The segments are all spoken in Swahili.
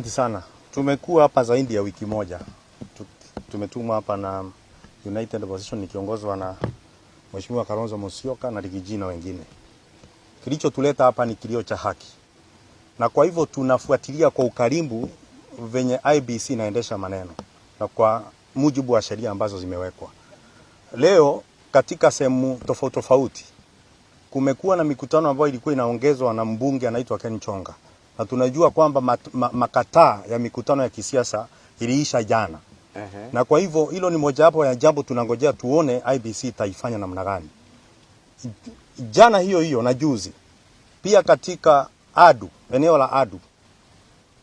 Asante sana. Tumekuwa hapa zaidi ya wiki moja, tumetumwa hapa na United Opposition nikiongozwa na Mheshimiwa Kalonzo Musyoka na Rigiji na wengine. Kilichotuleta hapa ni kilio cha haki, na kwa hivyo tunafuatilia kwa ukaribu venye IBC inaendesha maneno na kwa mujibu wa sheria ambazo zimewekwa. Leo katika sehemu tofauti tofauti kumekuwa na mikutano ambayo ilikuwa inaongezwa na mbunge anaitwa Ken Chonga na tunajua kwamba mat, ma, makataa ya mikutano ya kisiasa iliisha jana. uh -huh. Na kwa hivyo hilo ni mojawapo ya jambo tunangojea tuone IBC itaifanya namna gani. Jana hiyo hiyo na juzi pia katika Adu, eneo la Adu,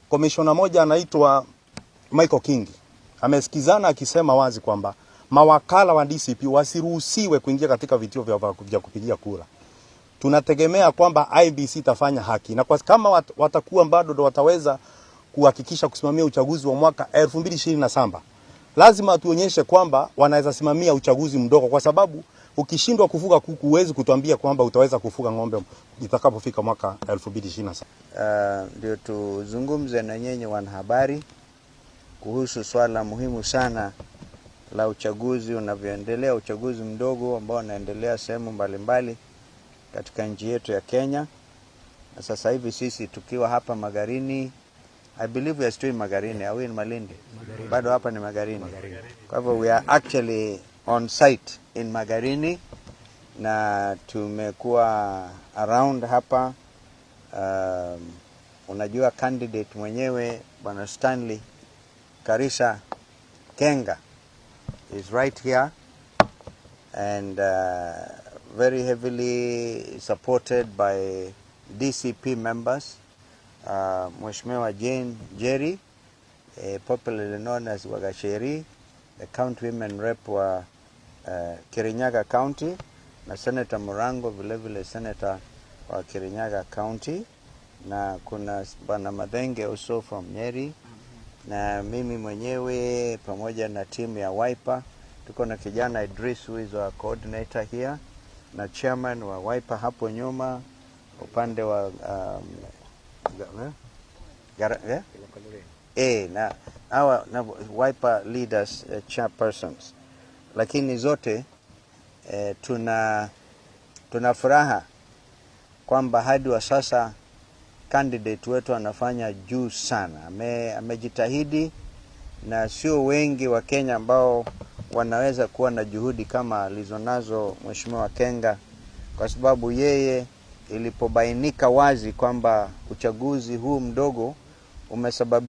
komishona moja anaitwa Michael King amesikizana akisema wazi kwamba mawakala wa DCP wasiruhusiwe kuingia katika vituo vya kupigia kura tunategemea kwamba IBC itafanya haki na kwa kama wat, watakuwa bado ndo wataweza kuhakikisha kusimamia uchaguzi wa mwaka 2027 lazima tuonyeshe kwamba wanaweza simamia uchaguzi mdogo, kwa sababu ukishindwa kufuga kuku huwezi kutuambia kwamba utaweza kufuga ng'ombe itakapofika mwaka 2027. Uh, eh, ndio tuzungumze na nyenye wanahabari kuhusu swala muhimu sana la uchaguzi unavyoendelea, uchaguzi mdogo ambao unaendelea sehemu mbalimbali katika nchi yetu ya Kenya. Na sasa hivi sisi tukiwa hapa Magarini, I believe we are still Magarini, au in Malindi? Magarini. Bado hapa ni Magarini. Magarini. Kwa hivyo we are actually on site in Magarini na tumekuwa around hapa. Um, unajua candidate mwenyewe Bwana Stanley Karisa Kenga is right here and uh, very heavily supported by DCP members, uh, Mheshimiwa Jane Jerry, uh, popularly known as Wagasheri, the county women rep wa uh, Kirinyaga County na Senator Murango vilevile senator wa Kirinyaga County na kuna Bwana Madhenge also from Nyeri na mimi mwenyewe pamoja na timu ya Wiper tuko na kijana Idris who is our coordinator here na chairman wa Wiper hapo nyuma upande wa um, eh? gara, yeah? E, eh, na hawa na Wiper leaders uh, chairpersons, lakini zote eh, tuna tuna furaha kwamba hadi wa sasa candidate wetu anafanya juu sana, amejitahidi ame na sio wengi wa Kenya ambao wanaweza kuwa na juhudi kama alizonazo Mheshimiwa Kenga, kwa sababu yeye ilipobainika wazi kwamba uchaguzi huu mdogo umesababisha